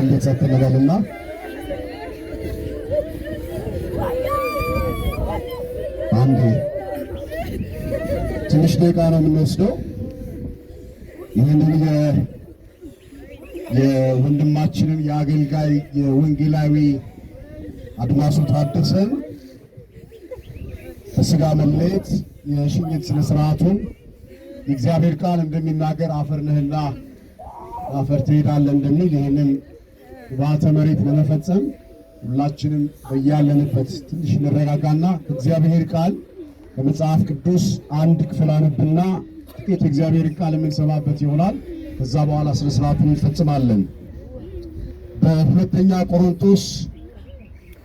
አንድ ጸጥ ልበልና አንዴ ትንሽ ደቂቃ ነው የምንወስደው። ይህንን የወንድማችንን የአገልጋይ የወንጌላዊ አድማሱ ታደሰን በስጋ መለየት የሽኝት ስነ ስርዓቱን የእግዚአብሔር ቃል እንደሚናገር አፈር ነህና አፈር ትሄዳለህ እንደሚል ይህንን ግብዓተ መሬት ለመፈጸም ሁላችንም በያለንበት ትንሽ እንረጋጋና እግዚአብሔር ቃል በመጽሐፍ ቅዱስ አንድ ክፍል አንብና ጥቂት እግዚአብሔር ቃል የምንሰማበት ይሆናል። ከዛ በኋላ ስነ ስርዓቱን እንፈጽማለን። በሁለተኛ ቆሮንቶስ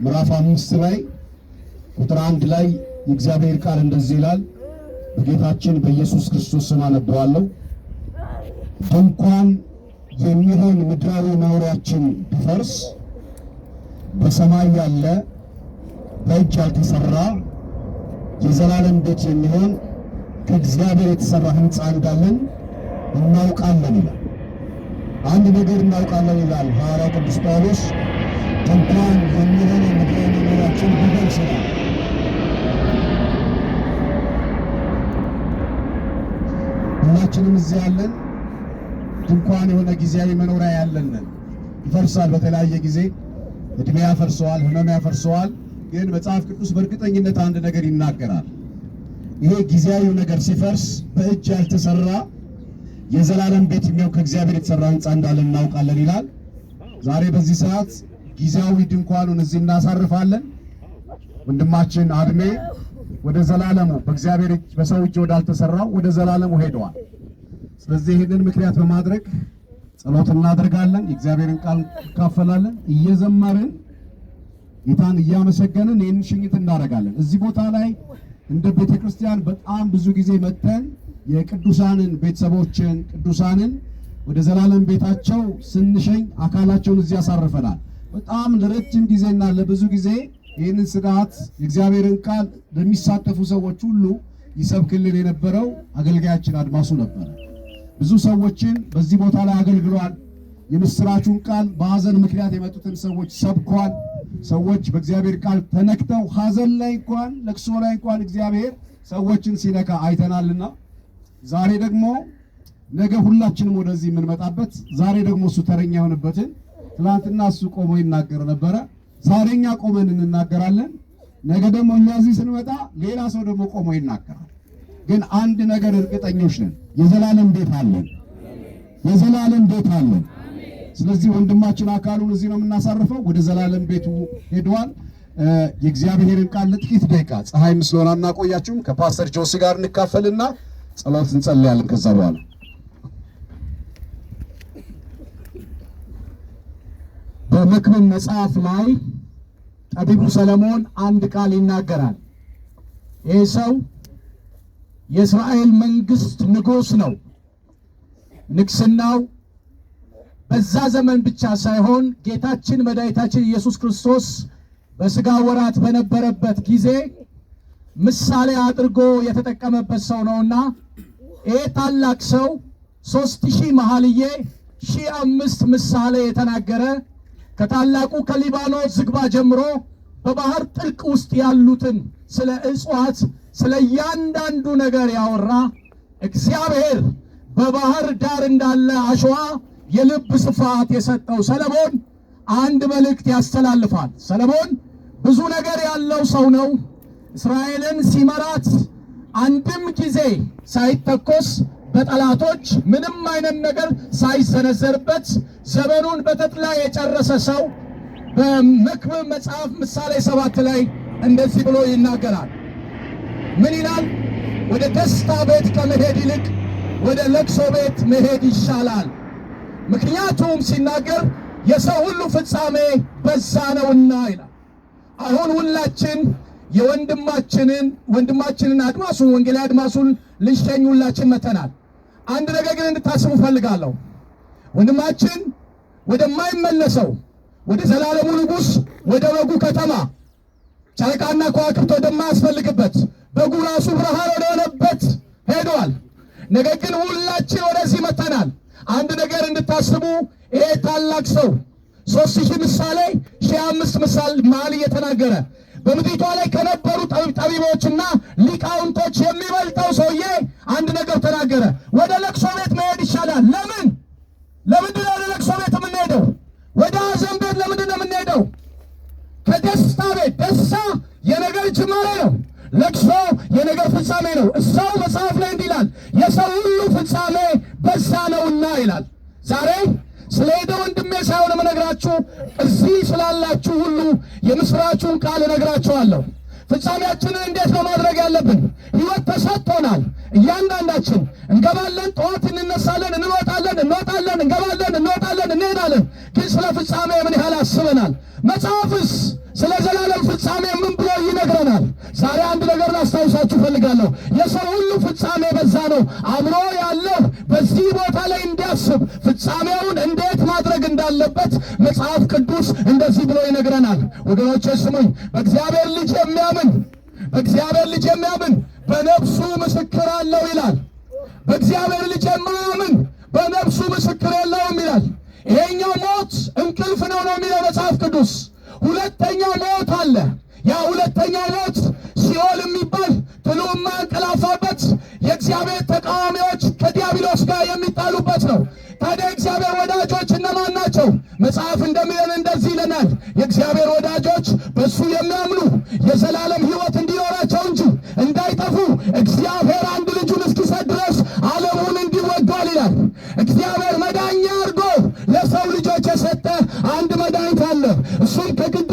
ምዕራፍ አምስት ላይ ቁጥር አንድ ላይ የእግዚአብሔር ቃል እንደዚህ ይላል። በጌታችን በኢየሱስ ክርስቶስ ስም አነበዋለሁ ድንኳን የሚሆን ምድራዊ መኖሪያችን ቢፈርስ በሰማይ ያለ በእጅ ያልተሰራ የዘላለም ቤት የሚሆን ከእግዚአብሔር የተሰራ ህንፃ እንዳለን እናውቃለን ይላል። አንድ ነገር እናውቃለን ይላል ሐዋርያው ቅዱስ ጳውሎስ ድንኳን የሚሆን ምድራዊ መኖሪያችን ቢፈርስ ይላል። ሁላችንም እዚህ ያለን እንኳን የሆነ ጊዜያዊ መኖሪያ ያለንን ይፈርሳል። በተለያየ ጊዜ እድሜ ያፈርሰዋል፣ ህመም ያፈርሰዋል። ግን መጽሐፍ ቅዱስ በእርግጠኝነት አንድ ነገር ይናገራል። ይሄ ጊዜያዊ ነገር ሲፈርስ በእጅ ያልተሰራ የዘላለም ቤት የሚያው ከእግዚአብሔር የተሰራ ህንፃ እንዳለ እናውቃለን ይላል። ዛሬ በዚህ ሰዓት ጊዜያዊ ድንኳኑን እዚህ እናሳርፋለን። ወንድማችን አድሜ ወደ ዘላለሙ በእግዚአብሔር በሰው እጅ ወዳልተሰራው ወደ ዘላለሙ ሄደዋል። ስለዚህ ይህንን ምክንያት በማድረግ ጸሎት እናደርጋለን፣ የእግዚአብሔርን ቃል እንካፈላለን፣ እየዘመርን ጌታን እያመሰገንን ይህን ሽኝት እናደርጋለን። እዚህ ቦታ ላይ እንደ ቤተ ክርስቲያን በጣም ብዙ ጊዜ መጥተን የቅዱሳንን ቤተሰቦችን ቅዱሳንን ወደ ዘላለም ቤታቸው ስንሸኝ አካላቸውን እዚህ ያሳርፈናል። በጣም ለረጅም ጊዜና ለብዙ ጊዜ ይህንን ስርዓት የእግዚአብሔርን ቃል ለሚሳተፉ ሰዎች ሁሉ ይሰብክልን የነበረው አገልጋያችን አድማሱ ነበረ። ብዙ ሰዎችን በዚህ ቦታ ላይ አገልግሏል። የምስራቹን ቃል በሀዘን ምክንያት የመጡትን ሰዎች ሰብኳል። ሰዎች በእግዚአብሔር ቃል ተነክተው ሀዘን ላይ እንኳን ለቅሶ ላይ እንኳን እግዚአብሔር ሰዎችን ሲነካ አይተናልና ዛሬ ደግሞ ነገ ሁላችንም ወደዚህ የምንመጣበት ዛሬ ደግሞ እሱ ተረኛ የሆነበትን ትናንትና እሱ ቆሞ ይናገር ነበረ። ዛሬኛ ቆመን እንናገራለን። ነገ ደግሞ እኛ እዚህ ስንመጣ ሌላ ሰው ደግሞ ቆሞ ይናገራል። ግን አንድ ነገር እርግጠኞች ነን፣ የዘላለም ቤት አለን። የዘላለም ቤት አለን። ስለዚህ ወንድማችን አካሉን እዚህ ነው የምናሳርፈው። ወደ ዘላለም ቤቱ ሄደዋል። የእግዚአብሔርን ቃል ለጥቂት ደቂቃ ፀሐይም ስለሆነ አናቆያችሁም። ከፓስተር ጆሲ ጋር እንካፈልና ጸሎት እንጸልያለን። ከዛ በኋላ በመክብብ መጽሐፍ ላይ ጠቢቡ ሰለሞን አንድ ቃል ይናገራል። ይህ ሰው የእስራኤል መንግስት ንጉስ ነው። ንግስናው በዛ ዘመን ብቻ ሳይሆን ጌታችን መድኃኒታችን ኢየሱስ ክርስቶስ በስጋ ወራት በነበረበት ጊዜ ምሳሌ አድርጎ የተጠቀመበት ሰው ነውና ይህ ታላቅ ሰው ሶስት ሺህ መኃልየ ሺህ አምስት ምሳሌ የተናገረ ከታላቁ ከሊባኖስ ዝግባ ጀምሮ በባህር ጥልቅ ውስጥ ያሉትን ስለ እጽዋት ስለ እያንዳንዱ ነገር ያወራ እግዚአብሔር በባህር ዳር እንዳለ አሸዋ የልብ ስፋት የሰጠው ሰለሞን አንድ መልእክት ያስተላልፋል። ሰለሞን ብዙ ነገር ያለው ሰው ነው። እስራኤልን ሲመራት አንድም ጊዜ ሳይተኮስ በጠላቶች ምንም አይነት ነገር ሳይዘነዘርበት ዘመኑን በተድላ የጨረሰ ሰው በመክብብ መጽሐፍ ምሳሌ ሰባት ላይ እንደዚህ ብሎ ይናገራል። ምን ይላል? ወደ ደስታ ቤት ከመሄድ ይልቅ ወደ ለቅሶ ቤት መሄድ ይሻላል። ምክንያቱም ሲናገር የሰው ሁሉ ፍጻሜ በዛ ነውና ይላል። አሁን ሁላችን የወንድማችንን ወንድማችንን አድማሱን ወንጌላ አድማሱን ልሸኝ ሁላችን መተናል። አንድ ነገር ግን እንድታስቡ ፈልጋለሁ። ወንድማችን ወደማይመለሰው ወደ ዘላለሙ ንጉሥ ወደ በጉ ከተማ ጨረቃና ከዋክብት ወደማያስፈልግበት በጉራሱ ብርሃን ወደሆነበት ሄደዋል። ነገር ግን ሁላችን ወደዚህ መተናል። አንድ ነገር እንድታስቡ ይሄ ታላቅ ሰው ሶስት ሺህ ምሳሌ ሺህ አምስት ምሳል መሀል እየተናገረ በምድሪቷ ላይ ከነበሩ ጠቢቦችና ሊቃውንቶች የሚበልጠው ሰውዬ አንድ ነገር ተናገረ። ወደ ለቅሶ ቤት መሄድ ይሻላል። ለምን ለምንድን ወደ ለቅሶ ቤት የምንሄደው? ወደ ሐዘን ቤት ለምንድን ነው የምንሄደው? ከደስታ ቤት ደስታ የነገር ጅማሬ ነው። ለቅሶ የነገር ፍጻሜ ነው። እሳው መጽሐፍ ላይ እንዲህ ይላል የሰው ሁሉ ፍጻሜ በዛ ነውና ይላል። ዛሬ ስለ ሄደ ወንድሜ ሳይሆን የምነግራችሁ እዚህ ስላላችሁ ሁሉ የምስራችሁን ቃል እነግራችኋለሁ። ፍጻሜያችንን እንዴት ነው ማድረግ ያለብን? ህይወት ተሰጥቶናል። እያንዳንዳችን እንገባለን፣ ጠዋት እንነሳለን፣ እንወጣለን፣ እንወጣለን፣ እንገባለን፣ እንወጣለን፣ እንሄዳለን። ግን ስለ ፍጻሜ ምን ያህል አስበናል? መጽሐፍስ ስለ ዘላለም ፍጻሜ ምን ብሎ ይነግረናል? ዛሬ አንድ ነገር ላስታውሳችሁ እፈልጋለሁ። የሰው ሁሉ ፍጻሜ በዛ ነው። አምሮ ያለህ በዚህ ቦታ ላይ እንዲያስብ ፍጻሜውን እንዴት እንዳለበት መጽሐፍ ቅዱስ እንደዚህ ብሎ ይነግረናል። ወገኖች ስሙኝ። በእግዚአብሔር ልጅ የሚያምን በእግዚአብሔር ልጅ የሚያምን በነፍሱ ምስክር አለው ይላል። በእግዚአብሔር ልጅ የማያምን በነፍሱ ምስክር የለውም ይላል። ይሄኛው ሞት እንቅልፍ ነው ነው የሚለው መጽሐፍ ቅዱስ። ሁለተኛው ሞት አለ። ያ ሁለተኛው ሞት ሲኦል የሚባል ጥሉ የማያንቀላፋበት የእግዚአብሔር ተቃዋሚዎች ከዲያብሎስ ጋር የሚጣሉበት ነው። ታዲያ እግዚአብሔር ወዳጆች እነማን ናቸው? መጽሐፍ እንደሚለን እንደዚህ ይለናል፣ የእግዚአብሔር ወዳጆች በእሱ የሚያምኑ የዘላለም ሕይወት እንዲኖራቸው እንጂ እንዳይጠፉ እግዚአብሔር አንድ ልጁን እስኪሰጥ ድረስ ዓለሙን እንዲወዷል ይላል። እግዚአብሔር መዳኛ አድርጎ ለሰው ልጆች የሰጠ አንድ መድኃኒት አለ። እሱም ከግድ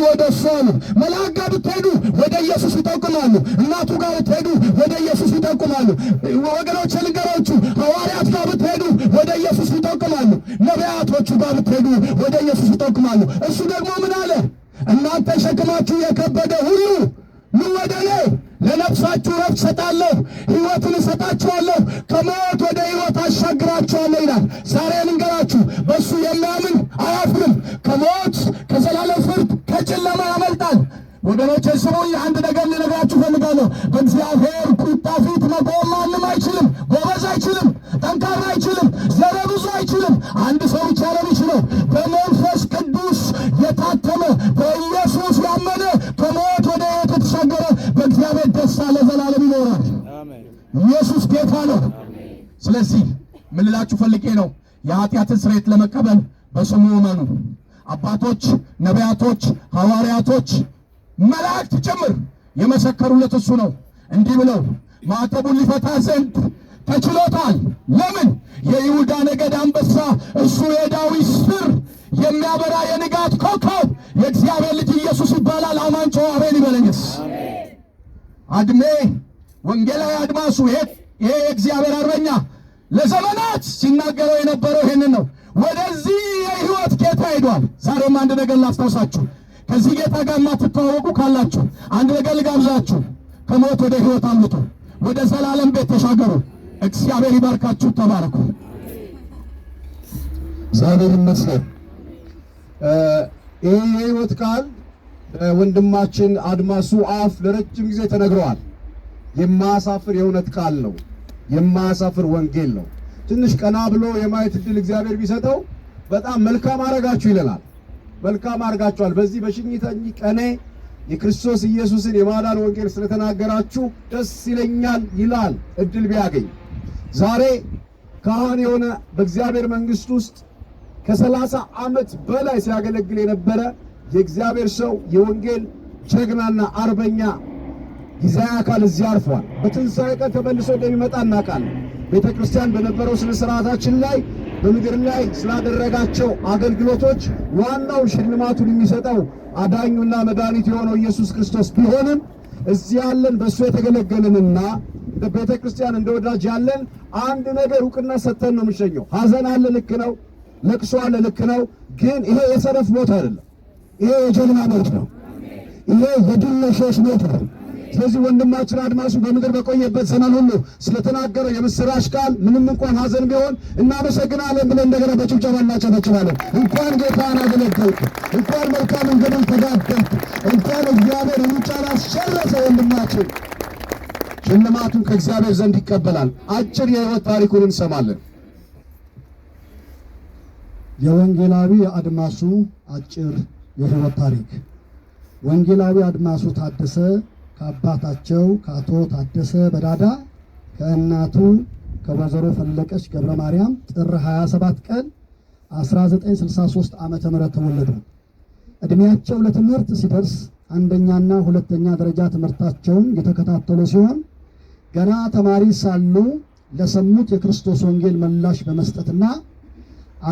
ብትሄዱ ወደ እሱ አሉ። መልአክ ጋር ብትሄዱ ወደ ኢየሱስ ይጠቁማሉ። እናቱ ጋር ብትሄዱ ወደ ኢየሱስ ይጠቁማሉ። ወገኖች ልንገሮቹ ሐዋርያት ጋር ብትሄዱ ወደ ኢየሱስ ይጠቁማሉ። ነቢያቶቹ ጋር ብትሄዱ ወደ ኢየሱስ ይጠቁማሉ። እሱ ደግሞ ምን አለ? እናንተ ሸክማችሁ የከበደ ሁሉ ኑ ወደ እኔ ለነፍሳችሁ ረፍት እሰጣለሁ፣ ሕይወትን እሰጣችኋለሁ፣ ከሞት ወደ ሕይወት አሻግራችኋለሁ ይላል። ዛሬ ልንገራችሁ፣ በእሱ የሚያምን አያፍርም። ከሞት ከዘላለም ፍርድ ወገኖች ስሙኝ፣ አንድ ነገር ልነግራችሁ ፈልጋለሁ። በእግዚአብሔር ቁጣ ፊት መቆም ማንም አይችልም። ጎበዝ አይችልም፣ ጠንካራ አይችልም፣ ዘረ ብዙ አይችልም። አንድ ሰው ብቻ ነው የሚችለው፣ በመንፈስ ቅዱስ የታተመ በኢየሱስ ያመነ ከሞት ወደ ሕይወት የተሻገረ በእግዚአብሔር ደስታ ለዘላለም ይኖራል። ኢየሱስ ጌታ ነው። ስለዚህ ምን ፈልጌ ነው የኃጢአትን ስርየት ለመቀበል በስሙ እመኑ። አባቶች፣ ነቢያቶች፣ ሐዋርያቶች መላእክት ጭምር የመሰከሩለት እሱ ነው። እንዲህ ብለው ማዕተቡን ሊፈታ ዘንድ ተችሎታል። ለምን? የይሁዳ ነገድ አንበሳ፣ እሱ የዳዊት ስር የሚያበራ የንጋት ኮከብ የእግዚአብሔር ልጅ ኢየሱስ ይባላል። አማን ጮ አሜን ይበለኝስ። አድሜ ወንጌላዊ አድማሱ ይሄ የእግዚአብሔር አርበኛ ለዘመናት ሲናገረው የነበረው ይህንን ነው። ወደዚህ የህይወት ጌታ ሄዷል። ዛሬም አንድ ነገር ላስታውሳችሁ ከዚህ ጌታ ጋር የማትተዋወቁ ካላችሁ አንድ ነገር ልጋብዛችሁ። ከሞት ወደ ህይወት አምልጡ፣ ወደ ዘላለም ቤት ተሻገሩ። እግዚአብሔር ይባርካችሁ። ተባረኩ። እግዚአብሔር ይመስገን። ይህ የህይወት ቃል ወንድማችን አድማሱ አፍ ለረጅም ጊዜ ተነግረዋል። የማያሳፍር የእውነት ቃል ነው። የማያሳፍር ወንጌል ነው። ትንሽ ቀና ብሎ የማየት እድል እግዚአብሔር ቢሰጠው በጣም መልካም አረጋችሁ ይለናል። መልካም አድርጋችኋል። በዚህ በሽኝተኝ ቀኔ የክርስቶስ ኢየሱስን የማዳን ወንጌል ስለተናገራችሁ ደስ ይለኛል ይላል። እድል ቢያገኝ ዛሬ ካህን የሆነ በእግዚአብሔር መንግስት ውስጥ ከሰላሳ ዓመት በላይ ሲያገለግል የነበረ የእግዚአብሔር ሰው የወንጌል ጀግናና አርበኛ ጊዜያዊ አካል እዚህ አርፏል። በትንሣኤ ቀን ተመልሶ እንደሚመጣ እናውቃለን። ቤተ ክርስቲያን በነበረው ስነ ስርዓታችን ላይ በምድር ላይ ስላደረጋቸው አገልግሎቶች ዋናው ሽልማቱን የሚሰጠው አዳኙና መድኃኒት የሆነው ኢየሱስ ክርስቶስ ቢሆንም እዚህ ያለን በእሱ የተገለገልንና ቤተ ክርስቲያን እንደ ወዳጅ ያለን አንድ ነገር እውቅና ሰጥተን ነው የምንሸኘው። ሐዘን አለ፣ ልክ ነው። ለቅሶ አለ፣ ልክ ነው። ግን ይሄ የሰነፍ ሞት አይደለም። ይሄ የጀልማ ሞት ነው። ይሄ የድል ሞት ነው። ስለዚህ ወንድማችን አድማሱ በምድር በቆየበት ዘመን ሁሉ ስለተናገረው የምስራች ቃል ምንም እንኳን ሀዘን ቢሆን እናመሰግናለን ብለን እንደገና በጭብጨባ እናጨበጭባለን። እንኳን ጌታን አገለገልክ፣ እንኳን መልካም መንገድን ተጋደልክ፣ እንኳን እግዚአብሔር ሩጫን አሸረፈ። ወንድማችን ሽልማቱን ከእግዚአብሔር ዘንድ ይቀበላል። አጭር የህይወት ታሪኩን እንሰማለን። የወንጌላዊ አድማሱ አጭር የህይወት ታሪክ ወንጌላዊ አድማሱ ታደሰ ከአባታቸው ከአቶ ታደሰ በዳዳ ከእናቱ ከወይዘሮ ፈለቀች ገብረ ማርያም ጥር 27 ቀን 1963 ዓ.ም ምህረት ተወለዱ። እድሜያቸው ለትምህርት ሲደርስ አንደኛና ሁለተኛ ደረጃ ትምህርታቸውን የተከታተሉ ሲሆን ገና ተማሪ ሳሉ ለሰሙት የክርስቶስ ወንጌል ምላሽ በመስጠትና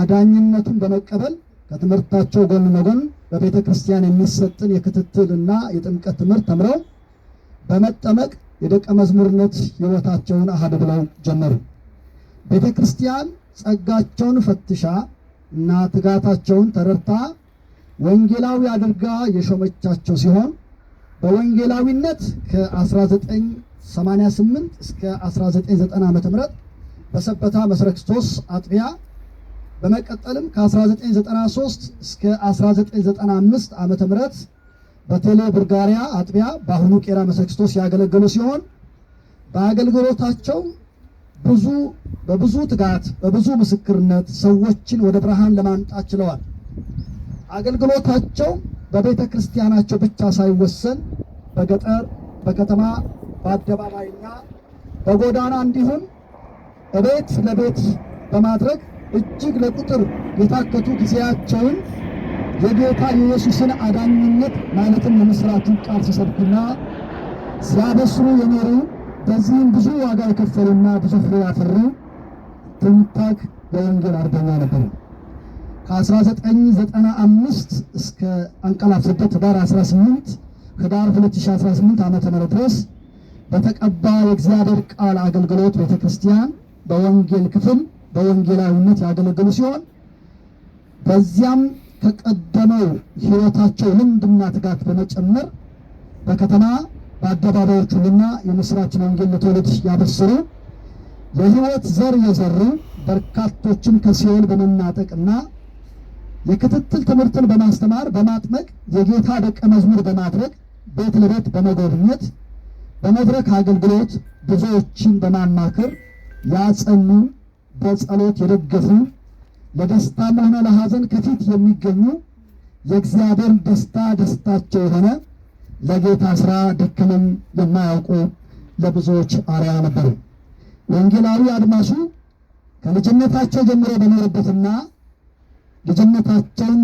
አዳኝነቱን በመቀበል ከትምህርታቸው ጎን ለጎን በቤተ ክርስቲያን የሚሰጥን የክትትልና የጥምቀት ትምህርት ተምረው በመጠመቅ የደቀ መዝሙርነት ሕይወታቸውን አህድ ብለው ጀመሩ። ቤተ ክርስቲያን ጸጋቸውን ፈትሻ እና ትጋታቸውን ተረድታ ወንጌላዊ አድርጋ የሾመቻቸው ሲሆን በወንጌላዊነት ከ1988 እስከ 1990 ዓ ም በሰበታ መስረ ክርስቶስ አጥቢያ በመቀጠልም ከ1993 እስከ 1995 ዓ ም በተለይ ብርጋሪያ አጥቢያ በአሁኑ ቄራ መሰክስቶ ያገለገሉ ሲሆን በአገልግሎታቸው ብዙ በብዙ ትጋት በብዙ ምስክርነት ሰዎችን ወደ ብርሃን ለማምጣት ችለዋል። አገልግሎታቸው በቤተ ክርስቲያናቸው ብቻ ሳይወሰን በገጠር፣ በከተማ፣ በአደባባይና በጎዳና እንዲሁም እቤት ለቤት በማድረግ እጅግ ለቁጥር የታከቱ ጊዜያቸውን የጌታ የኢየሱስን አዳኝነት ማለትም የምሥራቹን ቃል ሲሰብኩና ሲያበስሩ የኖሩ በዚህም ብዙ ዋጋ የከፈሉና ብዙ ፍሬ ያፈሩ ትንታክ የወንጌል አርበኛ ነበሩ። ከ1995 እስከ አንቀላፍበት ህዳር 18 ህዳር 2018 ዓ ም ድረስ በተቀባ የእግዚአብሔር ቃል አገልግሎት ቤተ ክርስቲያን በወንጌል ክፍል በወንጌላዊነት ያገለገሉ ሲሆን በዚያም ከቀደመው ህይወታቸው ልምድና ትጋት በመጨመር በከተማ በአደባባዮች ሁሉና የምስራችን ወንጌል ለትውልድ ያበሰሩ የህይወት ዘር የዘሩ በርካቶችን ከሲኦል በመናጠቅና የክትትል ትምህርትን በማስተማር በማጥመቅ የጌታ ደቀ መዝሙር በማድረግ ቤት ለቤት በመጎብኘት በመድረክ አገልግሎት ብዙዎችን በማማከር ያጸኑ፣ በጸሎት የደገፉ ለደስታም ሆነ ለሐዘን ከፊት የሚገኙ የእግዚአብሔር ደስታ ደስታቸው የሆነ ለጌታ ስራ ደክመም የማያውቁ ለብዙዎች አርያ ነበሩ። ወንጌላዊ አድማሱ ከልጅነታቸው ጀምሮ በኖረበትና ልጅነታቸውን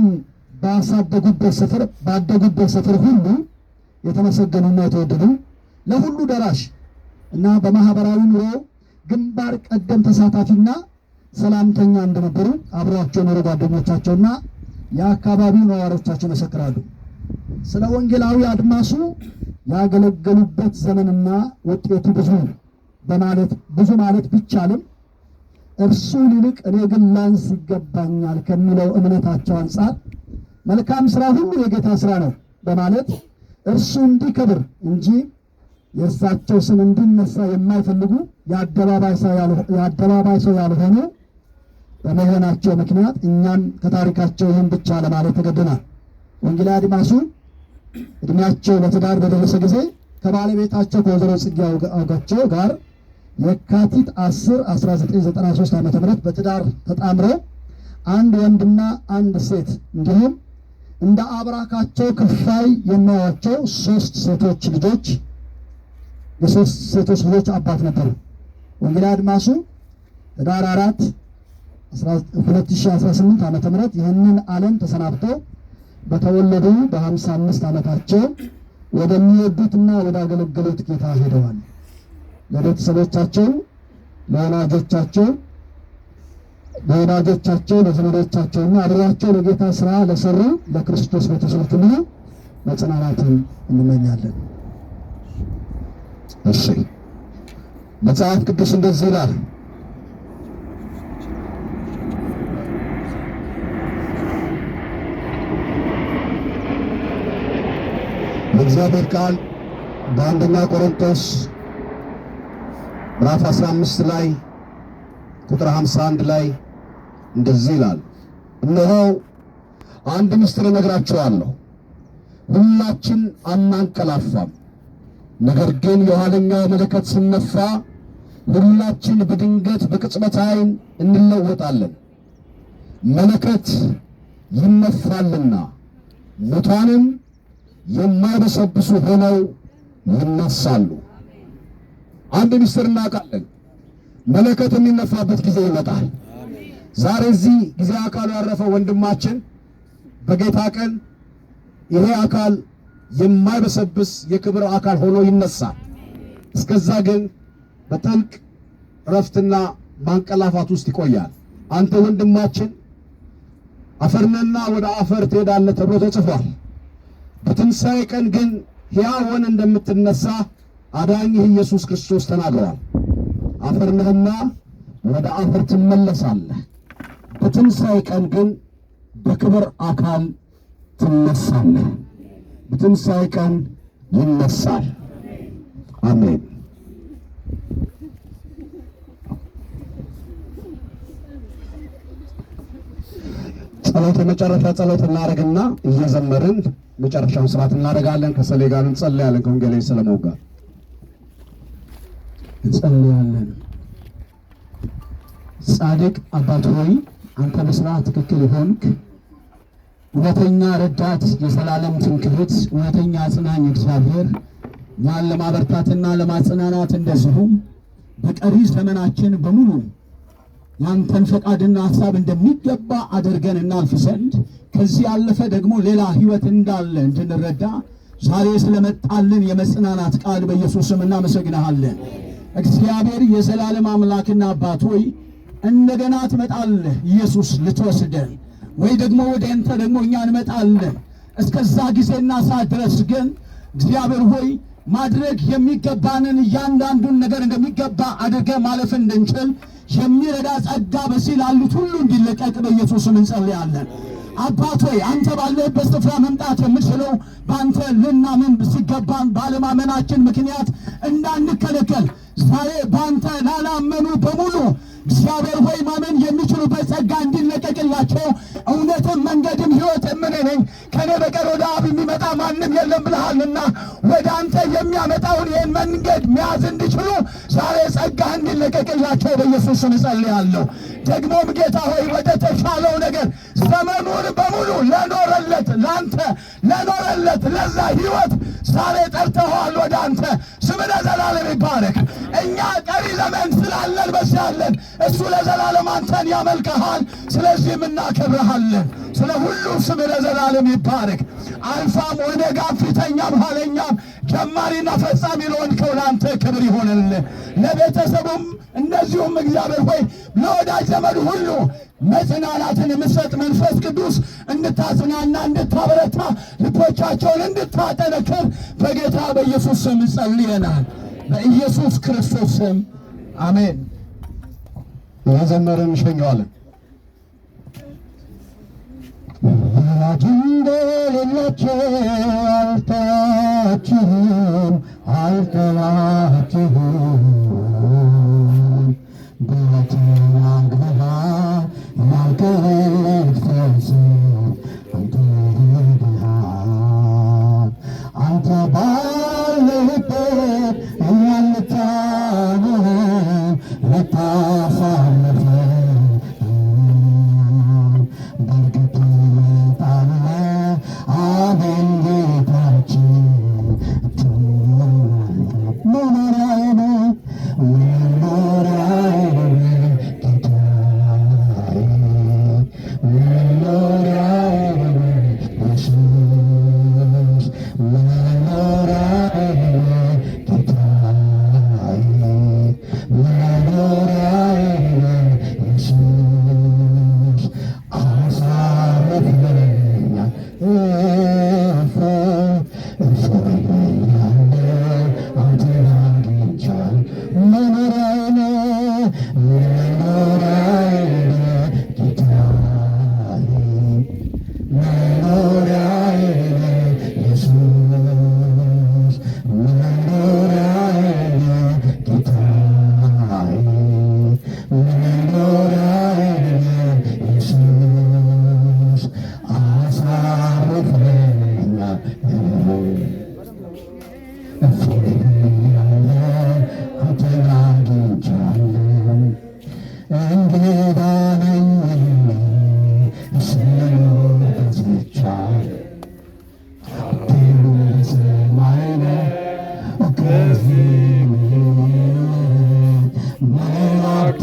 ባሳደጉበት ሰፈር ባደጉበት ሰፈር ሁሉ የተመሰገኑና የተወደዱ ለሁሉ ደራሽ እና በማህበራዊ ኑሮ ግንባር ቀደም ተሳታፊና ሰላምተኛ እንደነበሩ አብረዋቸው የኖሩ ጓደኞቻቸውና የአካባቢው ነዋሪዎቻቸው ይመሰክራሉ። ስለ ወንጌላዊ አድማሱ ያገለገሉበት ዘመንና ውጤቱ ብዙ በማለት ብዙ ማለት ቢቻልም እርሱ ይልቅ እኔ ግን ላንስ ይገባኛል ከሚለው እምነታቸው አንጻር መልካም ስራ ሁሉ የጌታ ስራ ነው በማለት እርሱ እንዲከብር እንጂ የእርሳቸው ስም እንዲነሳ የማይፈልጉ የአደባባይ ሰው ያልሆኑ በመሆናቸው ምክንያት እኛም ከታሪካቸው ይህን ብቻ ለማለት ተገደናል። ወንጌላ አድማሱ እድሜያቸው በትዳር በደረሰ ጊዜ ከባለቤታቸው ከወይዘሮ ጽጌ አውጋቸው ጋር የካቲት 10 1993 ዓ ም በትዳር ተጣምረው አንድ ወንድና አንድ ሴት እንዲሁም እንደ አብራካቸው ክፋይ የሚያዋቸው ሶስት ሴቶች ልጆች የሶስት ሴቶች ልጆች አባት ነበሩ። ወንጌላ አድማሱ ህዳር አራት 2018 ዓ ም ይህንን ዓለም ተሰናብተው በተወለዱ በ55 ዓመታቸው ወደሚወዱትና ወዳገለገሉት ጌታ ሄደዋል። ለቤተሰቦቻቸው፣ ለወላጆቻቸው ለወዳጆቻቸው ለዘመዶቻቸውና አብሯቸው ለጌታ ስራ ለሰሩ ለክርስቶስ ቤተሰቦችና መጽናናትን እንመኛለን። እሺ መጽሐፍ ቅዱስ እንደዚህ ይላል። የእግዚአብሔር ቃል በአንደኛ ቆሮንቶስ ምዕራፍ 15 ላይ ቁጥር 51 ላይ እንደዚህ ይላል፣ እነሆ አንድ ምስጢር እነግራችኋለሁ፣ ሁላችን አናንቀላፋም፣ ነገር ግን የኋለኛው መለከት ሲነፋ ሁላችን በድንገት በቅጽበት ዓይን እንለወጣለን። መለከት ይነፋልና ሙታንም የማይበሰብሱ ሆነው ይነሳሉ። አንድ ሚስጥር እናውቃለን። መለከት የሚነፋበት ጊዜ ይመጣል። ዛሬ እዚህ ጊዜ አካሉ ያረፈ ወንድማችን በጌታ ቀን ይሄ አካል የማይበሰብስ የክብር አካል ሆኖ ይነሳል። እስከዛ ግን በጥልቅ እረፍትና ማንቀላፋት ውስጥ ይቆያል። አንተ ወንድማችን አፈርነና ወደ አፈር ትሄዳለህ ተብሎ ተጽፏል። በትንሣኤ ቀን ግን ሕያው እንደምትነሳ አዳኝህ ኢየሱስ ክርስቶስ ተናግሯል። አፈር ነህና ወደ አፈር ትመለሳለህ፣ በትንሣኤ ቀን ግን በክብር አካል ትነሳለህ። በትንሣኤ ቀን ይነሳል። አሜን። ጸሎት፣ የመጨረሻ ጸሎት እናደርግና እየዘመርን መጨረሻውን ስርዓት እናደርጋለን። ከሰሌ ጋር እንጸልያለን። ከወንጌላዊ ሰለሞን ጋር እንጸልያለን። ጻድቅ አባት ሆይ አንተ በስርዓት ትክክል የሆንክ እውነተኛ ረዳት፣ የዘላለም ትምክህት፣ እውነተኛ አጽናኝ እግዚአብሔር ያን ለማበርታትና ለማጽናናት እንደዚሁም በቀሪ ዘመናችን በሙሉ ያንተን ፈቃድና ሀሳብ እንደሚገባ አድርገን እናልፍ ዘንድ ከዚህ ያለፈ ደግሞ ሌላ ህይወት እንዳለ እንድንረዳ ዛሬ ስለመጣልን የመጽናናት ቃል በኢየሱስ ስም እናመሰግናሃለን። እግዚአብሔር የዘላለም አምላክና አባት ሆይ እንደገና ትመጣለህ ኢየሱስ ልትወስደን ወይ ደግሞ ወደ አንተ ደግሞ እኛ እንመጣለን። እስከዛ ጊዜና ሰዓት ድረስ ግን እግዚአብሔር ሆይ ማድረግ የሚገባንን እያንዳንዱን ነገር እንደሚገባ አድርገ ማለፍ እንድንችል የሚረዳ ጸጋ በሲ ላሉት ሁሉ እንዲለቀቅ በኢየሱስም እንጸልያለን። አባት ሆይ አንተ ባለህበት ስፍራ መምጣት የምችለው በአንተ ልናምን ሲገባን ባለማመናችን ምክንያት እንዳንከለከል ዛሬ በአንተ ላላመኑ በሙሉ እግዚአብሔር ሆይ ማመን የሚችሉበት ጸጋ እንዲለቀቅላቸው እውነትም መንገድም ህይወት እኔ ነኝ ከእኔ በቀር ወደ አብ የሚመጣ ማንም የለም ብለሃልና ወደ አንተ የሚያመጣውን ይህን መንገድ መያዝ እንዲችሉ ዛሬ ጸጋ እንዲለቀቅላቸው በኢየሱስ ስም እጸልያለሁ። ደግሞም ጌታ ሆይ ወደ ተሻለው ነገር ዘመኑን በሙሉ ለኖረለት ለአንተ ለኖረለት ለዛ ሕይወት ዛሬ ጠርተኸዋል ወደ አንተ ስም ለዘላለም ይባረክ። እኛ ቀሪ ዘመን ስላለን በዚህ እሱ ለዘላለም አንተን ያመልከሃል። ስለዚህም እናከብረሃለን። ስለ ሁሉ ስም ለዘላለም ይባረክ። አልፋም ኦሜጋም ፊተኛም ኋለኛም ጀማሪና ፈጻሚ ለሆንከው ለአንተ ክብር ይሆንልህ፣ ለቤተሰቡም እንደዚሁም እግዚአብሔር ሆይ ለወዳጅ ዘመድ ሁሉ መጽናናትን የምትሰጥ መንፈስ ቅዱስ እንድታጽናና እንድታበረታ ልቦቻቸውን እንድታጠነክር በጌታ በኢየሱስ ስም ጸልየናል። በኢየሱስ ክርስቶስ ስም አሜን። እየዘመርን ሸኘዋለን። ወላጅ እንደሌላቸው አልተዋችሁም አልተዋችሁም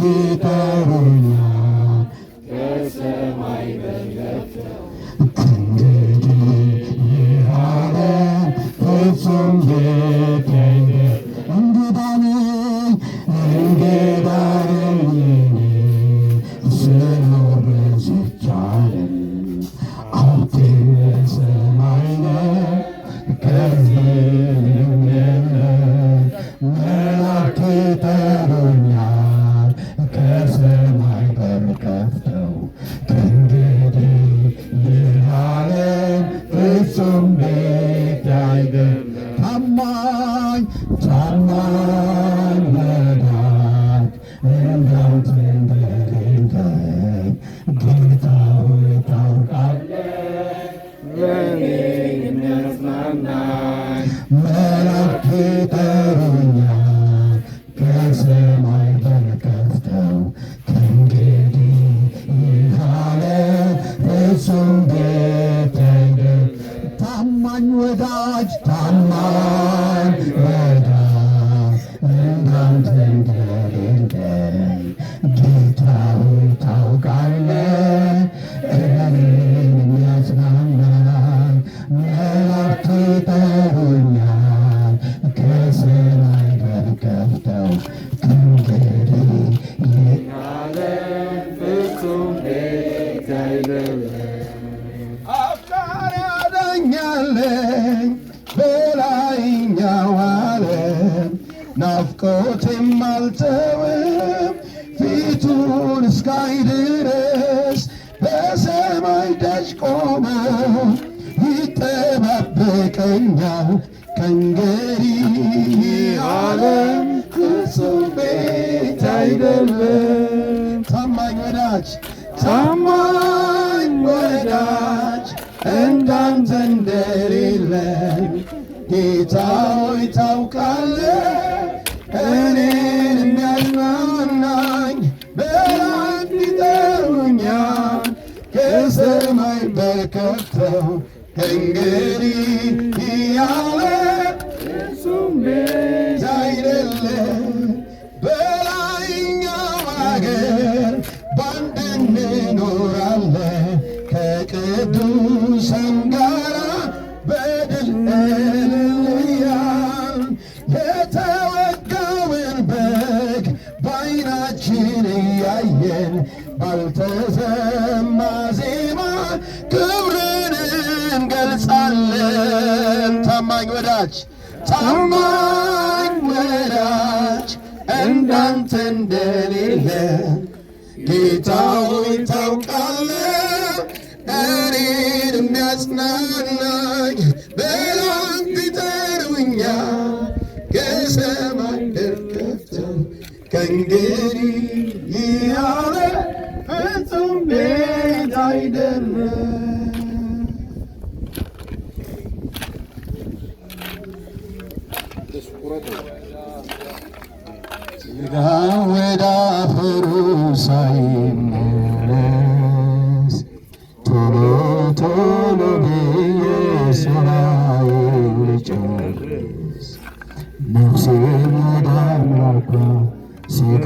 Santa አፍቃሪ ያደኛለኝ በላይኛው ዓለም ናፍቆቴም አልተወም ፊቱን እስካይ ድረስ በሰማይ ደጅ ቆሞ ይጠባበቀኛል ከእንግዲህ ዓለም ፍጹም ቤት አይደለም ታማኝ ወዳጅ ታማኝ ወዳጅ እንዳንተ እንደሌለን ጌታ ሆይ ታውቃለ እኔን የሚያጽናናኝ በላይ ቢጠሩኛል ከሰማይ በከፍተው እንግዲህ እያለ እሱም ቤዛ አይደለም አማኝ ወዳጅ እንዳንተ እንደሌለ ጌታ ሆይ ታውቃለህ። እኔን የሚያጽናናኝ በላንተ ይጠሩኛል ከሰማይ ደርከፍተው ከእንግዲህ ያለ ፍጹም ቤት አይደለም። ሥጋ ወደ ሳይመለስ ቶሎ ቶሎ ብዬ ልጨርስ ነፍሴ ወደ አምላኳ ሥጋ